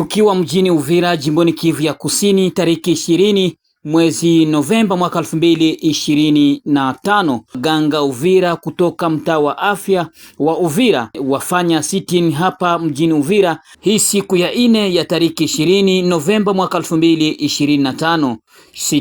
Tukiwa mjini Uvira jimboni Kivu ya Kusini tariki ishirini mwezi Novemba mwaka elfu mbili ishirini na tano waganga Uvira kutoka mtaa wa afya wa Uvira wafanya sitini hapa mjini Uvira hii siku ya ine ya tariki ishirini Novemba mwaka elfu mbili ishirini na tano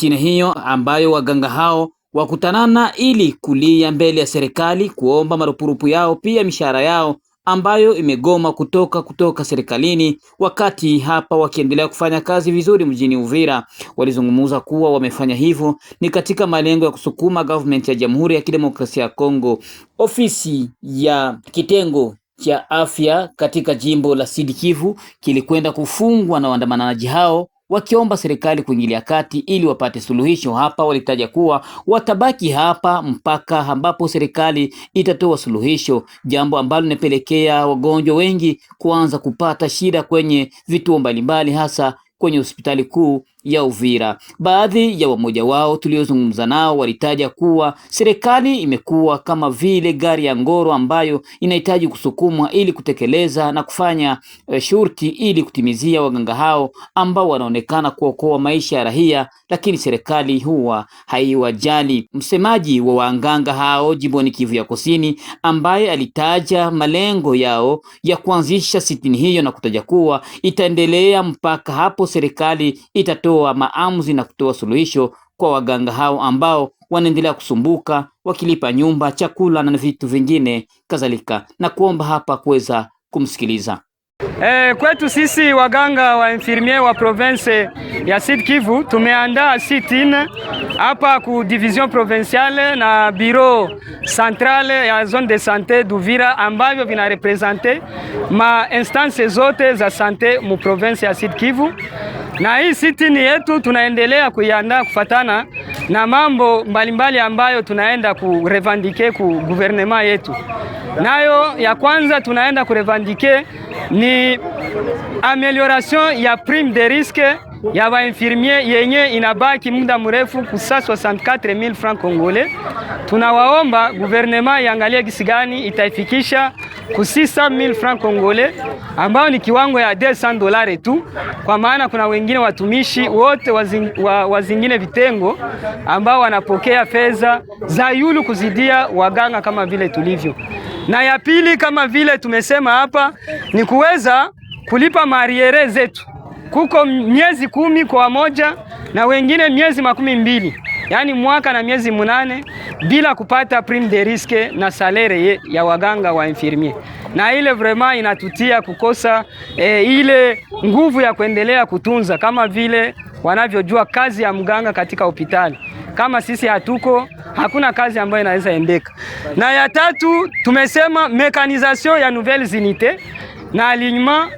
hiyo ambayo waganga hao wakutanana ili kulia mbele ya serikali kuomba marupurupu yao pia mishahara yao ambayo imegoma kutoka kutoka serikalini, wakati hapa wakiendelea kufanya kazi vizuri mjini Uvira. Walizungumza kuwa wamefanya hivyo ni katika malengo ya kusukuma government ya Jamhuri ya Kidemokrasia ya Kongo. Ofisi ya kitengo cha afya katika jimbo la Sud Kivu kilikwenda kufungwa na waandamanaji hao wakiomba serikali kuingilia kati ili wapate suluhisho. Hapa walitaja kuwa watabaki hapa mpaka ambapo serikali itatoa suluhisho, jambo ambalo linapelekea wagonjwa wengi kuanza kupata shida kwenye vituo mbalimbali, hasa kwenye hospitali kuu ya Uvira. Baadhi ya wamoja wao tuliozungumza nao walitaja kuwa serikali imekuwa kama vile gari ya ngoro ambayo inahitaji kusukumwa ili kutekeleza na kufanya e, shurti ili kutimizia waganga hao ambao wanaonekana kuokoa maisha ya raia, lakini serikali huwa haiwajali. Msemaji wa waganga hao jimboni Kivu ya Kusini, ambaye alitaja malengo yao ya kuanzisha sitini hiyo na kutaja kuwa itaendelea mpaka hapo serikali itatoa kutoa maamuzi na kutoa suluhisho kwa waganga hao ambao wanaendelea kusumbuka wakilipa nyumba, chakula na vitu vingine kadhalika, na kuomba hapa kuweza kumsikiliza. E, kwetu sisi waganga wa infirmier wa province ya Sud Kivu tumeandaa sitine hapa ku division provinciale na bureau centrale ya zone de sante d'Uvira ambavyo vinarepresente ma instance zote za sante mu province ya Sud Kivu na hii sitini yetu tunaendelea kuiandaa kufatana na mambo mbalimbali mbali ambayo tunaenda kurevandike ku guvernema yetu. Nayo ya kwanza tunaenda kurevandike ni amelioration ya prime de risque ya infirmier yenye inabaki muda mrefu kusa 64000 francs congolais. Tunawaomba guvernema iangalie gisi gani itaifikisha ku 600000 francs congolais, ambao ni kiwango ya 200 dollars tu, kwa maana kuna wengine watumishi wote wazing, wa, wazingine vitengo ambao wanapokea fedha za yulu kuzidia waganga kama vile tulivyo. Na ya pili kama vile tumesema hapa ni kuweza kulipa mariere zetu kuko miezi kumi kwa moja na wengine miezi makumi mbili yaani mwaka na miezi munane bila kupata prime de risque na salaire ya waganga wa infirmier, na ile vraiment inatutia kukosa e, ile nguvu ya kuendelea kutunza kama vile wanavyojua kazi ya mganga katika hospitali. Kama sisi hatuko, hakuna kazi ambayo inaweza endeka. Na ya tatu tumesema mekanisation ya nouvelles unités na alignement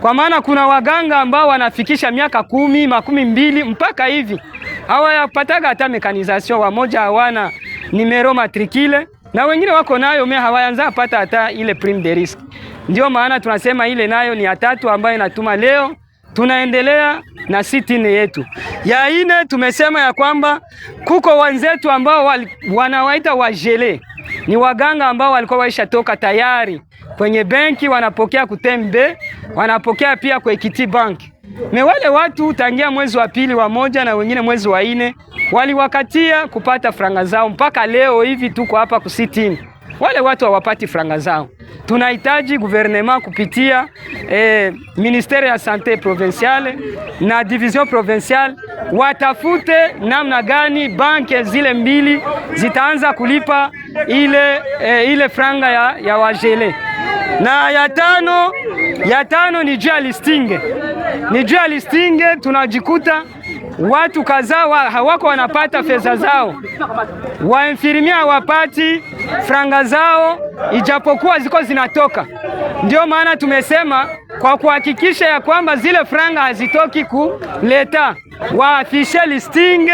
kwa maana kuna waganga ambao wanafikisha miaka kumi makumi mbili mpaka hivi hawayapataga hata mekanizasio, wamoja hawana nimero matrikile na wengine wako nayo mea hawaanza pata hata ile prime de risque. Ndio maana tunasema ile nayo ni ya tatu ambayo inatuma leo tunaendelea na sitini yetu ya ine. Tumesema ya kwamba kuko wanzetu ambao wanawaita wajele, ni waganga ambao walikuwa waisha toka tayari kwenye benki wanapokea kutembe, wanapokea pia kwa Equity Bank. Me wale watu tangia mwezi wa pili wa moja na wengine mwezi wa ine waliwakatia kupata franga zao, mpaka leo hivi tuko hapa kusitini, wale watu hawapati franga zao. Tunahitaji guvernema kupitia eh, ministere ya sante provinciale na division provinciale watafute namna gani banki zile mbili zitaanza kulipa ile, eh, ile franga ya, ya wajele na ya tano, ya tano ni jua listinge, ni jua listinge. Tunajikuta watu kadhaa wa, hawako wanapata fedha zao, wainfirimia hawapati franga zao ijapokuwa ziko zinatoka. Ndio maana tumesema kwa kuhakikisha ya kwamba zile franga hazitoki kuleta waafishe listing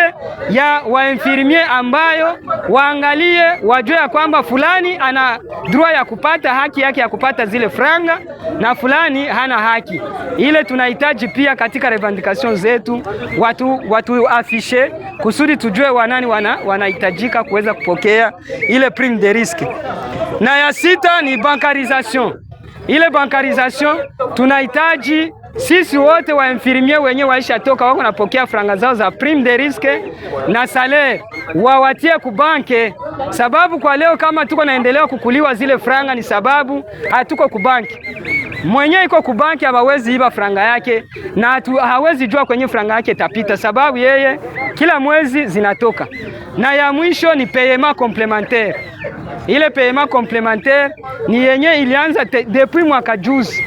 ya wainfirmie ambayo waangalie, wajue ya kwamba fulani ana droit ya kupata haki yake ya kupata zile franga na fulani hana haki ile. Tunahitaji pia katika revendication zetu watu watuafishe kusudi tujue wanani wanahitajika kuweza kupokea ile prime de risque. Na ya sita ni bankarisation. Ile bankarisation tunahitaji sisi wote wa wainfirimie wenyewe waishatoka wako napokea franga zao za prime de risque na sale wawatie kubanke, sababu kwa leo kama tuko naendelea kukuliwa zile franga ni sababu hatuko kubanki. Mwenye iko kubanki hawezi iba franga yake na hatu, hawezi jua kwenye franga yake tapita, sababu yeye kila mwezi zinatoka. Na ya mwisho ni payema complémentaire. Ile payema complémentaire ni yenye ilianza depuis mwaka juzi,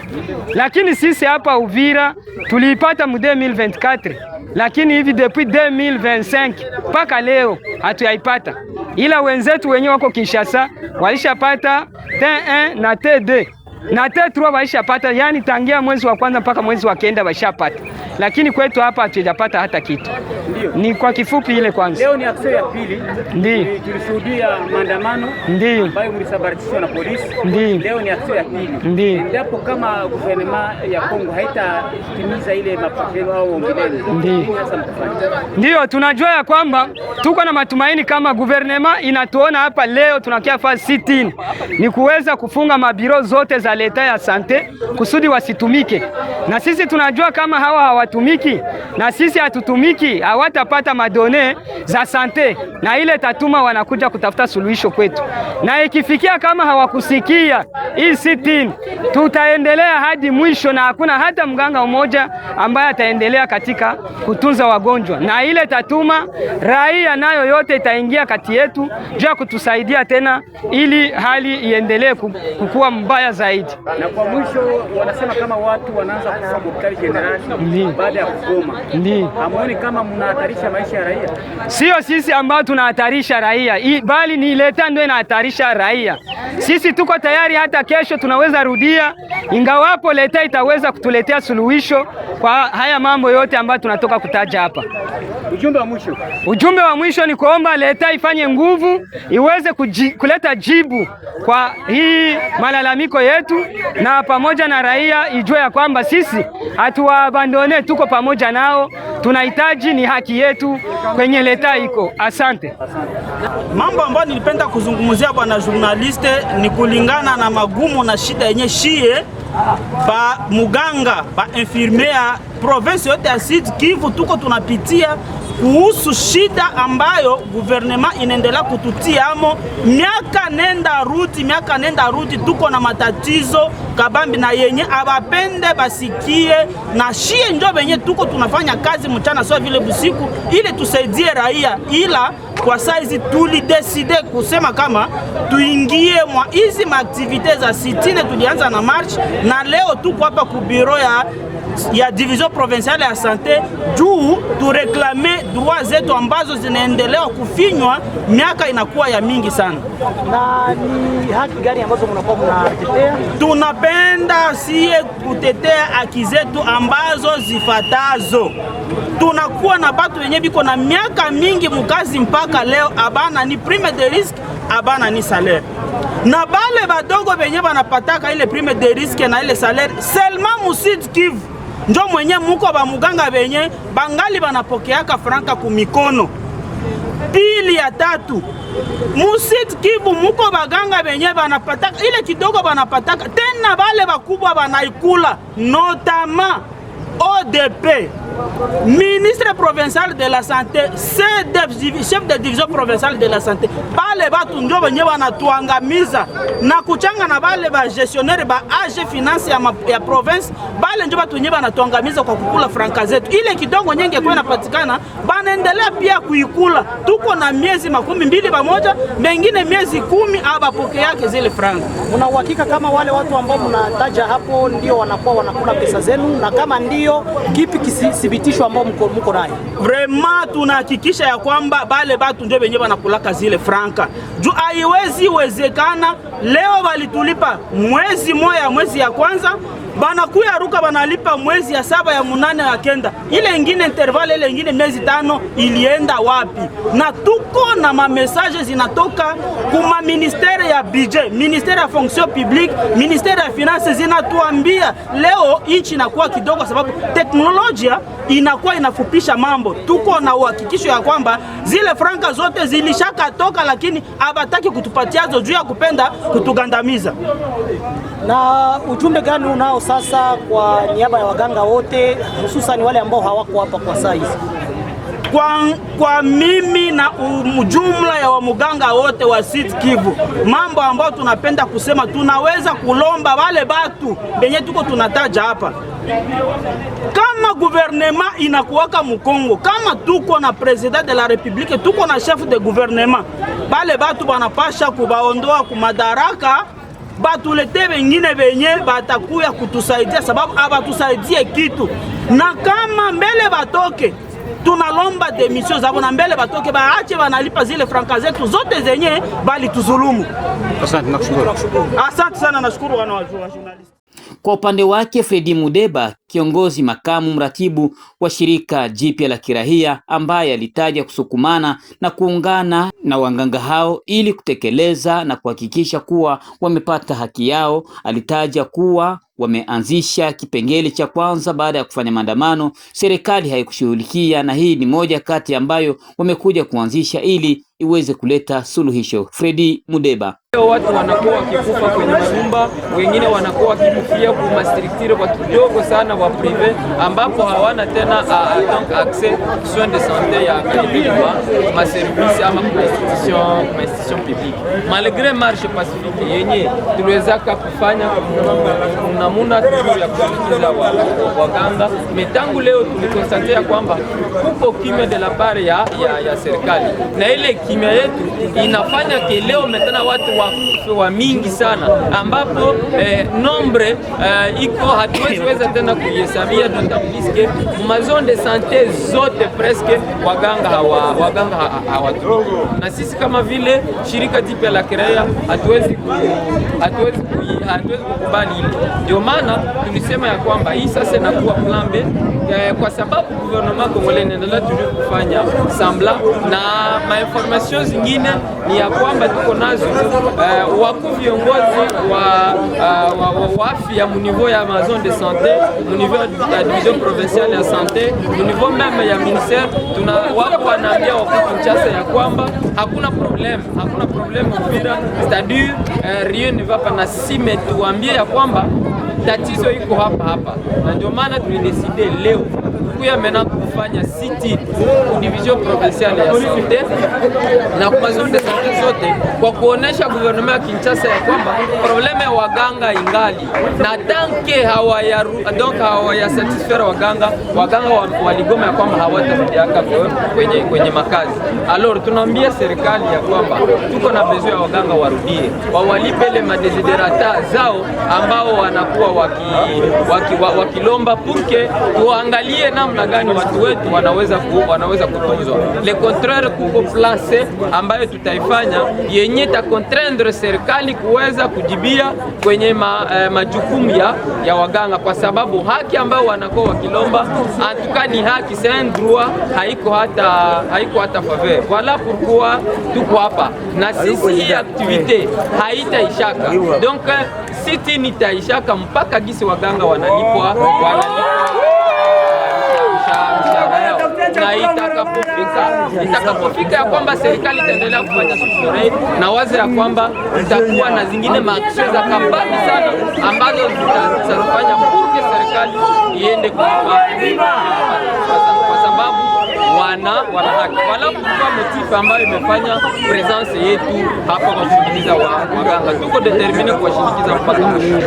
lakini sisi hapa uvi Uvira tuliipata mu 2024 lakini hivi depuis 2025 mpaka leo hatuyaipata, ila wenzetu wenyewe wako Kinshasa walishapata T1 na T2 na tetrua waishapata, yani tangia mwezi wa kwanza mpaka mwezi wa kenda waishapata, lakini kwetu hapa hatujapata hata kitu. Ni kwa kifupi ile kwanza. Leo ni aksia ya pili, ndio tulishuhudia maandamano ndio ambayo mlisabaratishwa na polisi. Ndio leo ni aksia ya pili, ndio endapo kama guvernema ya Kongo haitatimiza ile mapatano au ongeleni, ndio ndio tunajua ya kwamba tuko na matumaini kama guvernema inatuona hapa leo tunakia fasi sitini ni kuweza kufunga mabiro zote za za leta ya sante kusudi wasitumike, na sisi tunajua kama hawa hawatumiki na sisi hatutumiki, hawatapata madone za sante, na ile tatuma wanakuja kutafuta suluhisho kwetu na ikifikia kama hawakusikia hii sitini, tutaendelea hadi mwisho, na hakuna hata mganga mmoja ambaye ataendelea katika kutunza wagonjwa, na ile tatuma raia nayo yote itaingia kati yetu juu ya kutusaidia tena, ili hali iendelee kukuwa mbaya zaidi. Na kwa mwisho, wanasema kama watu wanaanza kufa hospitali jenerali baada ya kugoma, hamuoni kama mnahatarisha maisha ya raia? Sio sisi ambao tunahatarisha raia, bali ni leta ndio inahatarisha kuimarisha raia. Sisi tuko tayari, hata kesho tunaweza rudia, ingawapo leta itaweza kutuletea suluhisho kwa haya mambo yote ambayo tunatoka kutaja hapa. Ujumbe wa mwisho, ujumbe wa mwisho ni kuomba leta ifanye nguvu iweze kuji, kuleta jibu kwa hii malalamiko yetu, na pamoja na raia ijue ya kwamba sisi hatuwaabandone, tuko pamoja nao tunahitaji, ni haki yetu kwenye leta iko. Asante. Mambo ambayo nilipenda kuzungumzia bwana journaliste ni kulingana na magumu na shida yenye shie ba muganga ba infirmea province yote ya Sud Kivu tuko tunapitia kuhusu shida ambayo guvernema inaendelea kututiamo miaka nenda rudi, miaka nenda rudi, tuko na matatizo kabambi na yenye abapende basikie, na shie njo benye tuko tunafanya kazi mchana sio vile busiku, ili tusaidie raia, ila kwa saizi tulideside kusema kama tuingie mwa hizi maaktivite za sitine. Tulianza na march na leo tuko hapa ku ya ya division provinciale ya sante juu tureklame droit zetu ambazo zinaendelea kufinywa miaka inakuwa ya mingi sana. Na ni haki gani ambazo mnakuwa mnatetea? Tunapenda sie kutetea haki zetu ambazo zifatazo. Tunakuwa na batu wenye biko na miaka mingi mukazi mpaka leo abana ni prime de risque, abana ni salaire na bale badogo benye banapataka ile prime de risque na ile salaire seulement mu Sud Kivu njo mwenye muko ba muganga benye bangali banapokeaka franka kumikono. Pili ya tatu musiti Kivu muko baganga benye banapataka ile kidogo banapataka tena, bale bakubwa banaikula notama ODP ministre provincial de la santé, chef de division provincial de la santé bale batu ndio benye banatuangamiza na kuchanga na bale ba gestionnaire ba AG finance ya, ma, ya province bale ndio batu nye banatuangamiza kwa kukula franka zetu, ile kidongo nyenge kwa inapatikana banaendelea pia kuikula. Tuko na miezi makumi mbili pamoja, mengine miezi kumi abapokea yake zile franka. Una uhakika kama wale watu ambao mnataja hapo ndio wanakuwa wanakula pesa zenu, na kama ndio kipi kisi uthibitisho ambao mko mko nayo vraiment, tunahakikisha ya kwamba bale batu ndio wenyewe wanakulaka zile franka juu haiwezi wezekana leo balitulipa mwezi moya mwezi ya kwanza banakuya ruka banalipa mwezi ya saba ya munane ya kenda, ile ingine intervale ile ingine miezi tano ilienda wapi? Na tuko na mamesaje zinatoka kuma ministere ya budget, ministere ya fonction publique, ministere ya finance zinatuambia leo inchi inakuwa kidogo, sababu teknolojia inakuwa inafupisha mambo. Tuko na uhakikisho ya kwamba zile franka zote zilishakatoka, lakini abataki kutupatiazo juu ya kupenda kutugandamiza. Na ujumbe gani unao sasa kwa niaba ya waganga wote hususan wale ambao hawako hapa kwa saizi? Kwa, kwa mimi na ujumla ya wamuganga wote wa Sud Kivu, mambo ambayo tunapenda kusema, tunaweza kulomba wale batu benye tuko tunataja hapa, kama guvernema inakuwaka Mukongo, kama tuko na president de la republique, tuko na chef de gouvernement, bale batu banapasha kubaondoa kumadaraka batulete bengine benye batakuya kutusaidia, sababu abatusaidie kitu, na kama mbele batoke tunalomba demisio zabo na mbele batoke baache banalipa zile franka zetu zote zenye balituzulumu. Asante sana, nashukuru wana journalist. Kwa upande wake Fredi Mudeba kiongozi makamu mratibu wa shirika jipya la kirahia ambaye alitaja kusukumana na kuungana na waganga hao ili kutekeleza na kuhakikisha kuwa wamepata haki yao. Alitaja kuwa wameanzisha kipengele cha kwanza baada ya kufanya maandamano, serikali haikushughulikia, na hii ni moja kati ambayo wamekuja kuanzisha ili iweze kuleta suluhisho. Fredi Mudeba. Leo watu wanakuwa wakikufa kwenye manyumba, wengine wanakuwa wakikufia kwa kwa kidogo sana wa prive ambapo hawana tena accès soins de santé ya ma service ama institution publique. malgré marche pacifique yenye tuliwezaka kufanya namuna tu ya wa waganga, metangu leo tulikonstate ya kwamba kuko kimya de la part ya, ya, ya serikali na ile kimya yetu inafanya ke leo metana watu wa, wa mingi sana ambapo eh, nombre eh, iko hatuwezi weza tena Bibi Samia tutambiske mazone de sante zote preske waganga hawa waganga hawatu, na sisi kama vile shirika jipya la kiraia hatuwezi hatuwezi hatuwezi kukubali Ndio maana tulisema ya kwamba hii sasa inakuwa plan B Eh, kwa sababu gouvernement congolais inaendelea tujue kufanya sambla na mainformation zingine ni ya kwamba tuko nazo uh, wakuu viongozi wa, uh, wa, wa, wa afya mu niveau ya mazone de santé mu niveau ya division provinciale ya santé mu niveau meme ya ministère tuna wako wanaambia wakuu Kinshasa ya kwamba hakuna problème, hakuna problème Uvira, cest à uh, rien ne va pas na sime tuambie ya kwamba tatizo iko hapa hapa, na ndio maana tulideside leo tunakuya mena kufanya city division provinciale ya Sonde na kumazonde sante zote kwa kuonesha guvernema ya Kinshasa ya kwamba probleme ya waganga ingali na tanke hawaya donc hawaya waganga waganga waligoma ya kwamba hawatarudiaka kwenye, kwenye makazi. Alors tunaambia serikali ya kwamba tuko na besoin ya waganga warudie, wawalipele madesiderata zao ambao wanakuwa wakilomba waki, waki, waki purke tuangalie na namna gani watu wetu wanaweza ku, wanaweza kutunzwa. Le contraire kuko place ambayo tutaifanya yenye ta contraindre serikali kuweza kujibia kwenye ma, eh, majukumu ya, ya waganga, kwa sababu haki ambayo wanakuwa wakilomba antuka ni haki droit, haiko hata haiko hata faveur wala pourquoi tuko hapa na sisi activite haitaishaka donc siti eh, nitaishaka mpaka gisi waganga wanalipwa oh. wanalipwa na itakapofika itakapofika ya kwamba serikali itaendelea kufanya sufure na wazi ya kwamba itakuwa na zingine maakisho za kampani sana ambazo zitafanya purge serikali iende kwa sababu wana wana haki wala kutoa motifu ambayo imefanya presence yetu hapa kwa wa waganga. Tuko determine kuwashinikiza kupata mwisho.